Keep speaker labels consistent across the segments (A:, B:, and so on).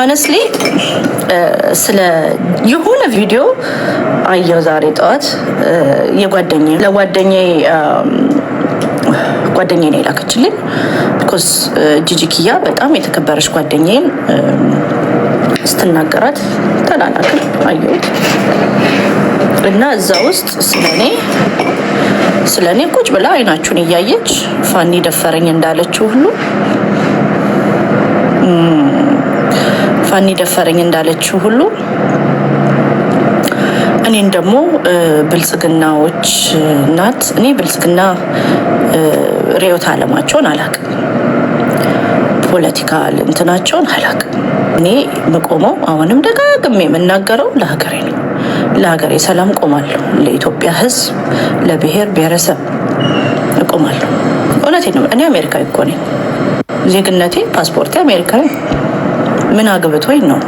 A: ኦነስትሊ ስለ የሆነ ቪዲዮ አየው ዛሬ ጠዋት የጓደኛ ለጓደኛ ጓደኛ ነው የላከችልኝ። ቢኮዝ ጂጂ በጣም የተከበረች ጓደኛን ስትናገራት ተላላክን አየሁት እና እዛ ውስጥ ስለኔ ስለኔ ቁጭ ብላ አይናችሁን እያየች ፋኒ ደፈረኝ እንዳለችው ሁሉ ፋኒ ደፈረኝ እንዳለችው ሁሉ እኔን ደግሞ ብልጽግናዎች ናት። እኔ ብልጽግና ርዕዮተ ዓለማቸውን አላቅም፣ ፖለቲካ እንትናቸውን አላቅም። እኔ መቆመው አሁንም ደጋግሜ የምናገረው ለሀገሬ ነው። ለሀገሬ ሰላም ቆማለሁ፣ ለኢትዮጵያ ሕዝብ፣ ለብሔር ብሔረሰብ እቆማለሁ። እውነቴን ነው። እኔ አሜሪካዊ እኮ ነኝ። ዜግነቴ ፓስፖርቴ አሜሪካዊ ምን አግብቶኝ ነው?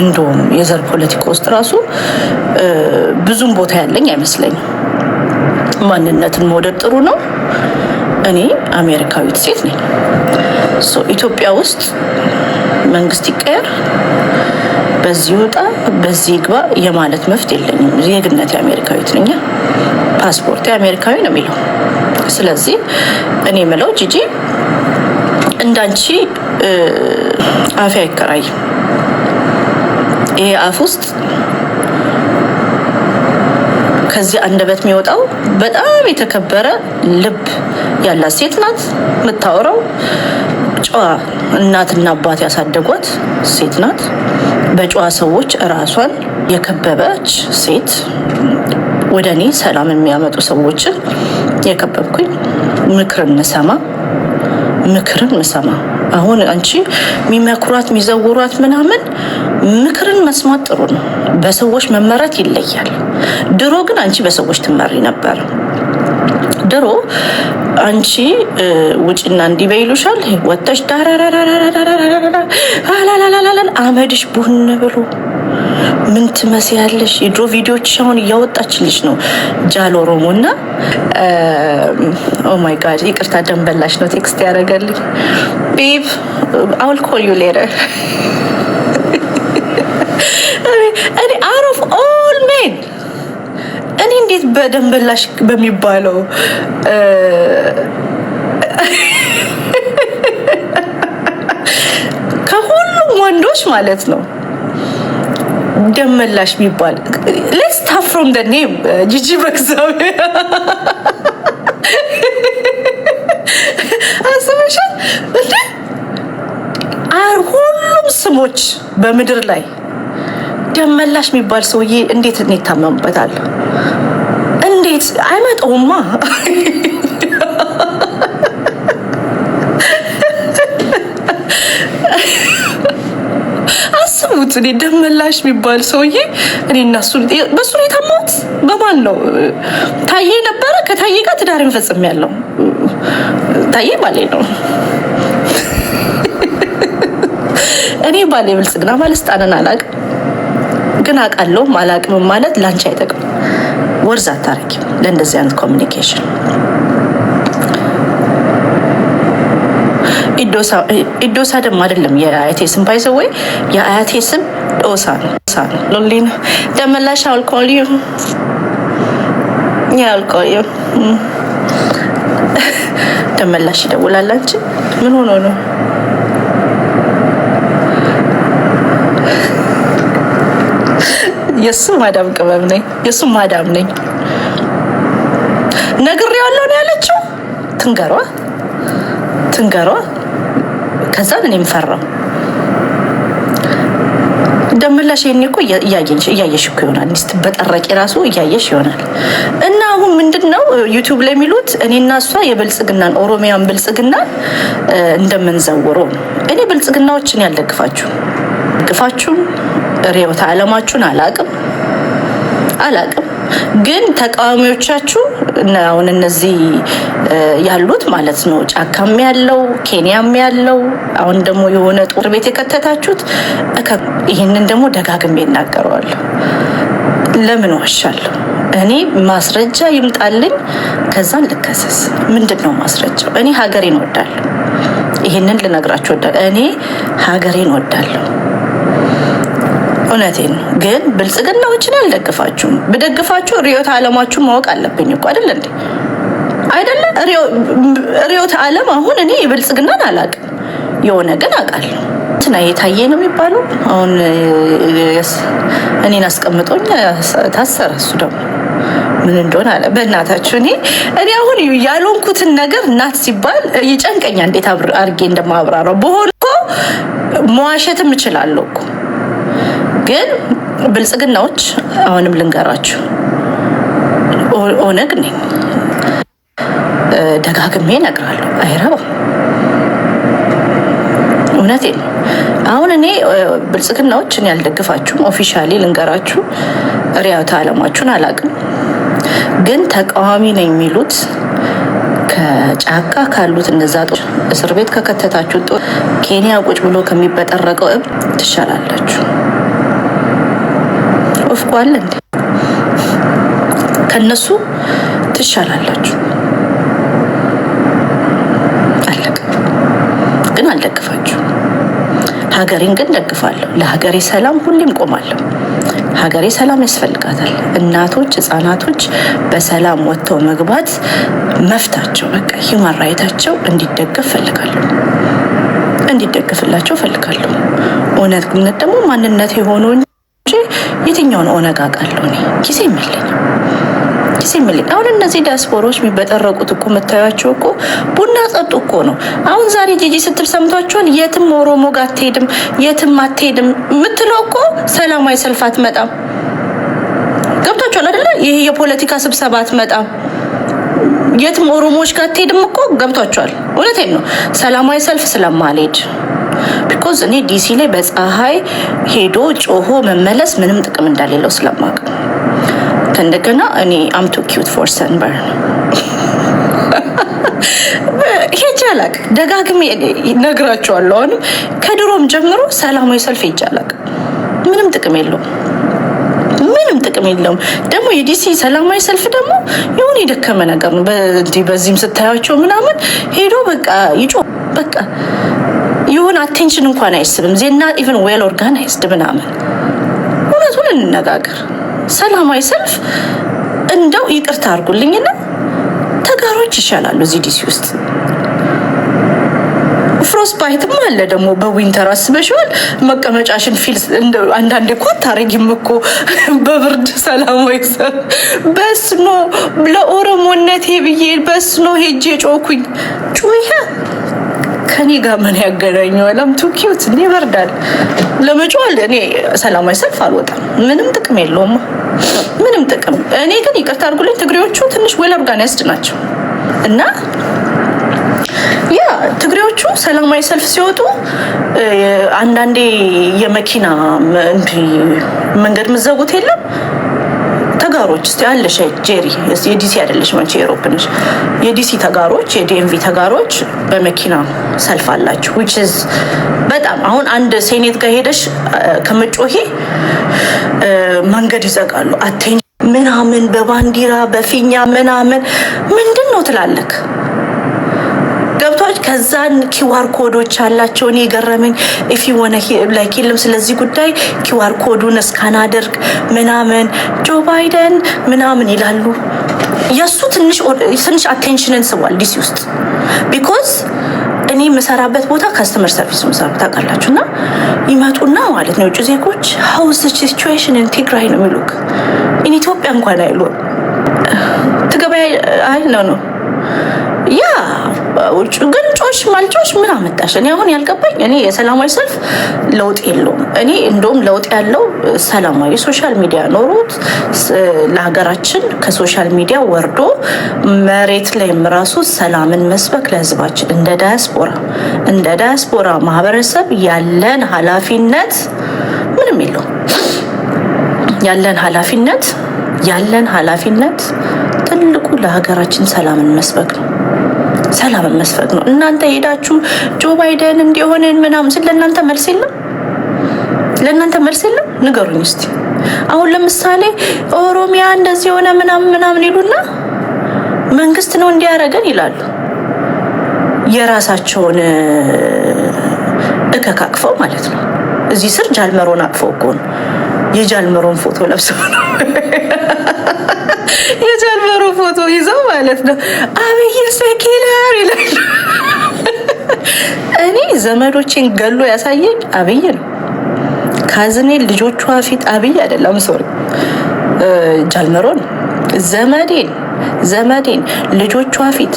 A: እንዲሁም የዘር ፖለቲካ ውስጥ ራሱ ብዙም ቦታ ያለኝ አይመስለኝም። ማንነትን መውደድ ጥሩ ነው። እኔ አሜሪካዊት ሴት ነኝ። ኢትዮጵያ ውስጥ መንግስት ይቀየር፣ በዚህ ውጣ በዚህ ግባ የማለት መፍት የለኝም። ዜግነቴ አሜሪካዊት ነኛ፣ ፓስፖርት አሜሪካዊ ነው የሚለው። ስለዚህ እኔ ምለው ጂጂ እንዳንቺ አፌ አይከራይ። ይሄ አፍ ውስጥ ከዚህ አንደበት የሚወጣው በጣም የተከበረ ልብ ያላት ሴት ናት። የምታወራው ጨዋ እናትና አባት ያሳደጓት ሴት ናት። በጨዋ ሰዎች እራሷን የከበበች ሴት ወደ እኔ ሰላም የሚያመጡ ሰዎችን የከበብኩኝ ምክር እንሰማ ምክርን ምሰማ። አሁን አንቺ የሚመክሯት የሚዘውሯት ምናምን ምክርን መስማት ጥሩ ነው። በሰዎች መመራት ይለያል። ድሮ ግን አንቺ በሰዎች ትመሪ ነበር። ድሮ አንቺ ውጭና እንዲህ በይሉሻል ወጥተሽ ዳራራራራራራራ አመድሽ ቡን ብሎ ምን ትመስያለሽ? የድሮ ቪዲዮች አሁን እያወጣችልሽ ነው። ጃል ኦሮሞ እና ኦማይ ጋድ ይቅርታ፣ ደንበላሽ ነው ቴክስት ያደረገልኝ። ቤብ አውል ኮል ዩ ሌተር እኔ አውት ኦፍ ኦል ሜን እኔ እንዴት በደንበላሽ በሚባለው ከሁሉም ወንዶች ማለት ነው ደመላሽ የሚባል ሌትስ ታፍ ፍሮም ደ ኔም ጂጂ በእግዚአብሔር አስበሻል። ሁሉም ስሞች በምድር ላይ ደመላሽ የሚባል ሰውዬ እንዴት እኔ ይታመምበታል? እንዴት አይመጣውማ እኔ ደመላሽ የሚባል ሰውዬ እኔ እናሱ በሱ ነው የታማሁት። በማን ነው? ታዬ ነበረ። ከታዬ ጋር ትዳር ፈጽም ያለው ታዬ ባሌ ነው። እኔ ባሌ ብልጽግና ባለስልጣንን አላቅ ግን አውቃለሁም አላቅምም ማለት ለአንቺ አይጠቅም። ወርዝ አታረጊም ለእንደዚህ አይነት ኮሚኒኬሽን ኢዶሳ ደግሞ አይደለም የአያቴ ስም ባይዘው ወይ የአያቴ ስም ዶሳ ነው። ደመላሽ አልኮል ዩ አልኮልዩ ዩ ደመላሽ ይደውላላች። ምን ሆኖ ነው? የእሱ ማዳም ቅመም ነኝ። የእሱ ማዳም ነኝ። ነግሬዋለሁ ነው ያለችው። ትንገሯ ትንገሯ ከዛ እኔም ፈራው ደምላሽ ይህን እኮ እያየሽ እኮ ይሆናል ስ በጠረቂ ራሱ እያየሽ ይሆናል። እና አሁን ምንድን ነው ዩቲዩብ ላይ የሚሉት እኔና እሷ የብልጽግናን ኦሮሚያን ብልጽግና እንደምንዘውሮ ነው። እኔ ብልጽግናዎችን ያልደግፋችሁ ግፋችሁም ርዕዮተ አለማችሁን አላቅም አላቅም፣ ግን ተቃዋሚዎቻችሁ አሁን እነዚህ ያሉት ማለት ነው። ጫካም ያለው ኬንያም ያለው አሁን ደግሞ የሆነ ጦር ቤት የከተታችሁት፣ ይህንን ደግሞ ደጋግሜ እናገረዋለሁ። ለምን ዋሻለሁ? እኔ ማስረጃ ይምጣልኝ፣ ከዛ ልከሰስ። ምንድን ነው ማስረጃው? እኔ ሀገሬን ወዳለሁ። ይህንን ልነግራችሁ ወዳለሁ። እኔ ሀገሬን ወዳለሁ። እውነቴን ግን ብልጽግናዎችን አልደግፋችሁም። ብደግፋችሁ ርዕዮተ ዓለማችሁን ማወቅ አለብኝ እኮ አይደለ እንዴ? አይደለ ርዕዮተ ዓለም። አሁን እኔ ብልጽግናን አላቅም፣ የሆነ ግን አውቃለሁ። እንትና የታየ ነው የሚባለው አሁን እኔን አስቀምጦኝ ታሰረ። እሱ ደግሞ ምን እንደሆነ አለ። በእናታችሁ እኔ እኔ አሁን ያልሆንኩትን ነገር እናት ሲባል የጨንቀኛ እንዴት አድርጌ እንደማብራራው በሆን እኮ መዋሸትም እችላለሁ እኮ ግን ብልጽግናዎች አሁንም ልንገራችሁ ኦነግ ነኝ ደጋግሜ እነግራለሁ። አይረባም፣ እውነቴ ነው። አሁን እኔ ብልጽግናዎች እኔ አልደግፋችሁም። ኦፊሻሊ ልንገራችሁ ሪያታ አለማችሁን አላቅም፣ ግን ተቃዋሚ ነው የሚሉት ከጫካ ካሉት እነዛ እስር ቤት ከከተታችሁ ኬንያ ቁጭ ብሎ ከሚበጠረቀው እብድ ትሻላላችሁ። ኦፍ አለ እንዴ? ከነሱ ትሻላላችሁ። አለቀ። ግን አልደግፋችሁ። ሀገሬን ግን ደግፋለሁ። ለሀገሬ ሰላም ሁሌም ቆማለሁ። ሀገሬ ሰላም ያስፈልጋታል። እናቶች፣ ህጻናቶች በሰላም ወጥተው መግባት መፍታቸው በቃ ሂውማን ራይታቸው እንዲደገፍ ፈልጋለሁ፣ እንዲደገፍላቸው ፈልጋለሁ። እውነት ደግሞ ማንነት የሆነው ውጭ የትኛውን ኦነግ አውቃለሁ እኔ? ጊዜ የለኝም፣ ጊዜ የለኝም። አሁን እነዚህ ዲያስፖሮች የሚበጠረቁት እኮ የምታዩቸው እኮ ቡና ጠጡ እኮ ነው። አሁን ዛሬ ጂጂ ስትል ሰምቷቸዋል። የትም ኦሮሞ ጋር አትሄድም፣ የትም አትሄድም የምትለው እኮ ሰላማዊ ሰልፍ አትመጣም። ገብቷቸዋል አደለ? ይህ የፖለቲካ ስብሰባ አትመጣም የትም ኦሮሞዎች ጋር አትሄድም እኮ ገብቷቸዋል። እውነቴን ነው። ሰላማዊ ሰልፍ ስለማልሄድ ቢኮዝ እኔ ዲሲ ላይ በፀሐይ ሄዶ ጮሆ መመለስ ምንም ጥቅም እንዳሌለው ስለማቅ ከእንደገና እኔ አምቶ ኪዩት ፎር ሰንበር ሄጄ አላቅም። ደጋግሜ ነግራቸዋለሁ። አሁንም ከድሮም ጀምሮ ሰላማዊ ሰልፍ ሄጄ ምንም ጥቅም የለውም። ምንም ጥቅም የለውም። ደግሞ የዲሲ ሰላማዊ ሰልፍ ደግሞ የሆነ የደከመ ነገር ነው። በዚህም ስታያቸው ምናምን ሄዶ በቃ ይጮ በቃ ይሁን አቴንሽን እንኳን አይስብም። ዜና ኢቨን ዌል ኦርጋናይዝድ ምናምን እውነቱን እንነጋገር። ሰላማዊ ሰልፍ እንደው ይቅርታ አድርጉልኝና ተጋሮች ይሻላሉ እዚህ ዲሲ ውስጥ። ፍሮስፓይትም አለ ደግሞ በዊንተር አስበሽዋል። መቀመጫሽን ፊል አንዳንድ እኮ አታረጊም እኮ በብርድ ሰላማዊ ሰ በስኖ ለኦሮሞነቴ ብዬ በስኖ ሄጄ ጮኩኝ ጩያ ከኔ ጋር ምን ያገናኘዋል? አም ቱ ኪዩት እንዴ ይበርዳል። ለመጫወል እኔ ሰላማዊ ሰልፍ አልወጣም። ምንም ጥቅም የለውም፣ ምንም ጥቅም። እኔ ግን ይቅርታ አድርጉልኝ፣ ትግሬዎቹ ትንሽ ወላብ ጋር ያስድ ናቸው እና ያ ትግሬዎቹ ሰላማዊ ሰልፍ ሲወጡ አንዳንዴ የመኪና መንገድ ምዘጉት የለም ተጋሮች ስ አለሽ ጄሪ የዲሲ አይደለሽ መቼ የሮፕ ነሽ። የዲሲ ተጋሮች የዲኤምቪ ተጋሮች በመኪና ሰልፍ አላችሁ። ዊች ኢዝ በጣም አሁን አንድ ሴኔት ጋር ሄደሽ ከምጮሄ መንገድ ይዘጋሉ። አቴን ምናምን በባንዲራ በፊኛ ምናምን ምንድን ነው ትላለክ ገብቷች ከዛን ኪዋር ኮዶች አላቸው። እኔ የገረመኝ ኢፍ ሆነ ላይክ የለም ስለዚህ ጉዳይ ኪዋር ኮዱን እስካናደርግ ምናምን ጆ ባይደን ምናምን ይላሉ። የእሱ ትንሽ አቴንሽንን ስቧል ዲሲ ውስጥ ቢኮዝ እኔ የምሰራበት ቦታ ከስተመር ሰርቪስ መሰራበት ታውቃላችሁ። እና ይመጡና ማለት ነው የውጭ ዜጎች ሀውስ ሲቹዌሽን ቲግራይ ነው የሚሉክ። ኢን ኢትዮጵያ እንኳን አይሉ ትገበያ አይ ነው ነው ያ ውጭ ግን ጮሽ ማልጮሽ ምን አመጣሽ? እኔ አሁን ያልገባኝ እኔ የሰላማዊ ሰልፍ ለውጥ የለውም። እኔ እንደውም ለውጥ ያለው ሰላማዊ ሶሻል ሚዲያ ኖሮት ለሀገራችን ከሶሻል ሚዲያ ወርዶ መሬት ላይም ራሱ ሰላምን መስበክ ለህዝባችን እንደ ዳያስፖራ እንደ ዳያስፖራ ማህበረሰብ ያለን ኃላፊነት ምንም የለውም። ያለን ኃላፊነት ያለን ኃላፊነት ትልቁ ለሀገራችን ሰላምን መስበክ ነው። ሰላም መስፈት ነው። እናንተ ሄዳችሁ ጆ ባይደን እንዲሆንን ምናምን ስል ለእናንተ መልስ የለም፣ ለእናንተ መልስ የለም። ንገሩኝ እስቲ አሁን ለምሳሌ ኦሮሚያ እንደዚህ የሆነ ምናምን ምናምን ይሉና መንግስት ነው እንዲያደርገን ይላሉ። የራሳቸውን እከክ አቅፈው ማለት ነው። እዚህ ስር ጃልመሮን አቅፈው እኮ ነው የጃልመሮን ፎቶ ለብሰው ነው የጀርመኑ ፎቶ ይዘው ማለት ነው። አብይ ሰኪላር ይላል። እኔ ዘመዶችን ገሎ ያሳየኝ አብይ ነው። ካዝኔ ልጆቿ ፊት አብይ አይደለም፣ ሶሪ ጃልመሮን ዘመዴን ዘመዴን ልጆቿ ፊት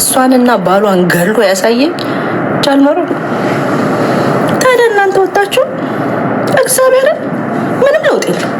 A: እሷንና ባሏን ገሎ ያሳየኝ ጃልመሮን። ታዲያ እናንተ ወጣችሁ እግዚአብሔርን ምንም ለውጥ የለም።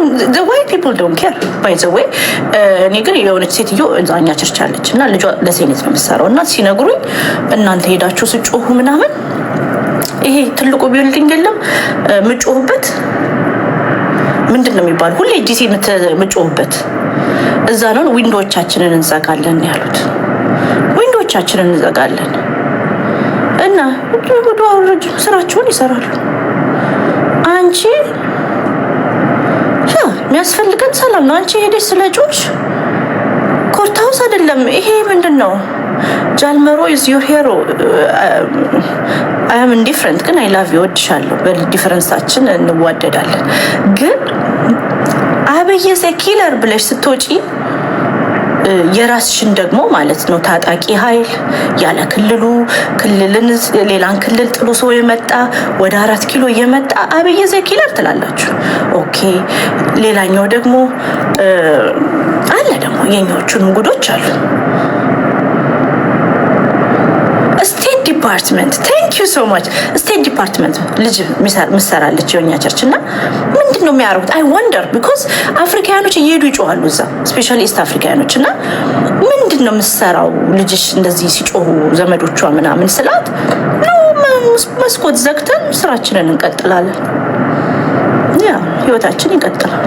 A: ምንም ዘዋይ ፒፕል ዶን ኬር ባይ ዘዋይ። እኔ ግን የሆነች ሴትዮ እዛኛ ቸርች አለች እና ልጇ ለሴኔት ነው የምትሰራው እና ሲነግሩኝ እናንተ ሄዳችሁ ስጮሁ ምናምን ይሄ ትልቁ ቢልዲንግ የለም uh, ምጮሁበት ምንድን ነው የሚባለው? ሁሌ ጊዜ ምጮሁበት እዛ ነውን። ዊንዶዎቻችንን እንዘጋለን ያሉት፣ ዊንዶዎቻችንን እንዘጋለን እና ስራቸውን ይሰራሉ አንቺ የሚያስፈልገን ሰላም ነው። አንቺ ሄደሽ ስለ ጮሽ ኮርታውስ አይደለም ይሄ ምንድን ነው? ጃልመሮ ኢዝ ዩር ሄሮ አይ አም ዲፍረንት ግን አይ ላቭ ይወድሻለሁ። እወድሻለሁ። በዲፍረንሳችን እንዋደዳለን። ግን አብዬ ኪለር ብለሽ ስትወጪ የራስሽን ደግሞ ማለት ነው ታጣቂ ኃይል ያለ ክልሉ ክልልን ሌላን ክልል ጥሎ ሰው የመጣ ወደ አራት ኪሎ እየመጣ አብይ ዘ ኪለር ትላላችሁ። ኦኬ። ሌላኛው ደግሞ አለ ደግሞ የኛዎቹን ጉዶች አሉ። ዲፓርትመንት ታንክ ዩ ሶ ማች ስቴት ዲፓርትመንት ልጅ ምሰራለች የኛ ቸርች እና ምንድን ነው የሚያደርጉት? አይ ወንደር ቢኮዝ አፍሪካያኖች እየሄዱ ይጮኋሉ እዛ ስፔሻሊ ኢስት አፍሪካያኖች እና ምንድን ነው የምሰራው ልጅሽ እንደዚህ ሲጮሁ ዘመዶቿ ምናምን ስላት መስኮት ዘግተን ስራችንን እንቀጥላለን። ያ ህይወታችን ይቀጥላል።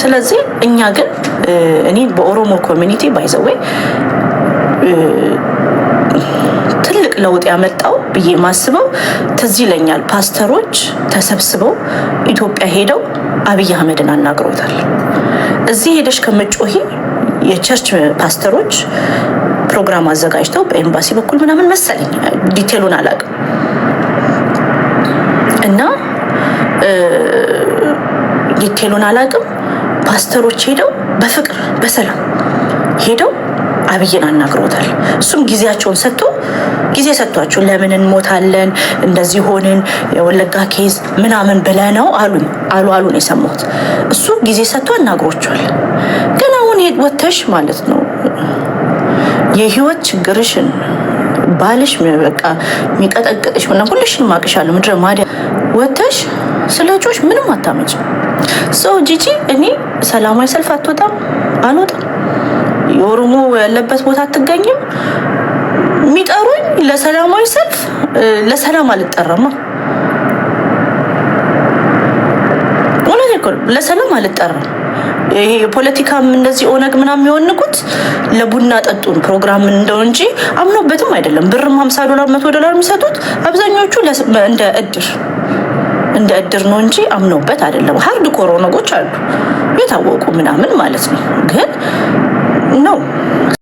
A: ስለዚህ እኛ ግን እኔ በኦሮሞ ኮሚኒቲ ባይዘወይ ትልቅ ለውጥ ያመጣው ብዬ ማስበው ትዝ ይለኛል ፓስተሮች ተሰብስበው ኢትዮጵያ ሄደው አብይ አህመድን አናግሮታል። እዚህ ሄደሽ ከመጮሂ የቸርች ፓስተሮች ፕሮግራም አዘጋጅተው በኤምባሲ በኩል ምናምን መሰለኝ ዲቴሉን አላውቅም እና ዲቴሉን አላውቅም ፓስተሮች ሄደው በፍቅር በሰላም ሄደው አብይን አናግሮታል። እሱም ጊዜያቸውን ሰጥቶ ጊዜ ሰጥቷቸው ለምን እንሞታለን እንደዚህ ሆንን የወለጋ ኬዝ ምናምን ብለ ነው አሉኝ አሉ አሉን የሰማሁት እሱ ጊዜ ሰጥቶ አናግሮቸዋል። ግን አሁን ወተሽ ማለት ነው የህይወት ችግርሽን ባልሽ በቃ የሚቀጠቅጥሽ ሆነ ሁልሽን ማቅሻለሁ ምድረ ማዲያ ወተሽ ስለ ጮች ምንም አታመጭ ሰው ጂጂ እኔ ሰላማዊ ሰልፍ አትወጣም አልወጣም የኦሮሞ ያለበት ቦታ አትገኝም የሚጠሩኝ ለሰላማዊ ሰልፍ ለሰላም አልጠራማ። እውነት እኮ ለሰላም አልጠራም። ይሄ የፖለቲካም እንደዚህ ኦነግ ምናምን የሚሆንኩት ለቡና ጠጡን ፕሮግራም እንደው እንጂ አምኖበትም አይደለም። ብርም ሀምሳ ዶላር መቶ ዶላር የሚሰጡት አብዛኞቹ እንደ እድር እንደ እድር ነው እንጂ አምኖበት አይደለም። ሀርድ ኮር ኦነጎች አሉ የታወቁ ምናምን ማለት ነው ግን No.